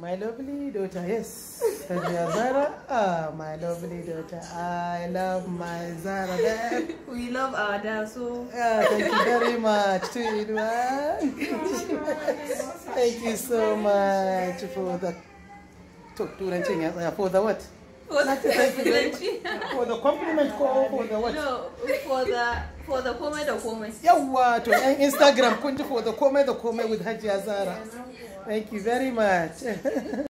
My lovely daughter, yes. Sadia Zara, ah, my lovely daughter. I love my Zara We love our dad, so. Ah, thank you very much to Thank you so much for the talk to Renching, ah, for the what? For the, for the compliment call, for the what? No, for the for the comment, the comment. Yeah, what? Instagram, for the comment, the comment with Haji Azara. Thank you very much.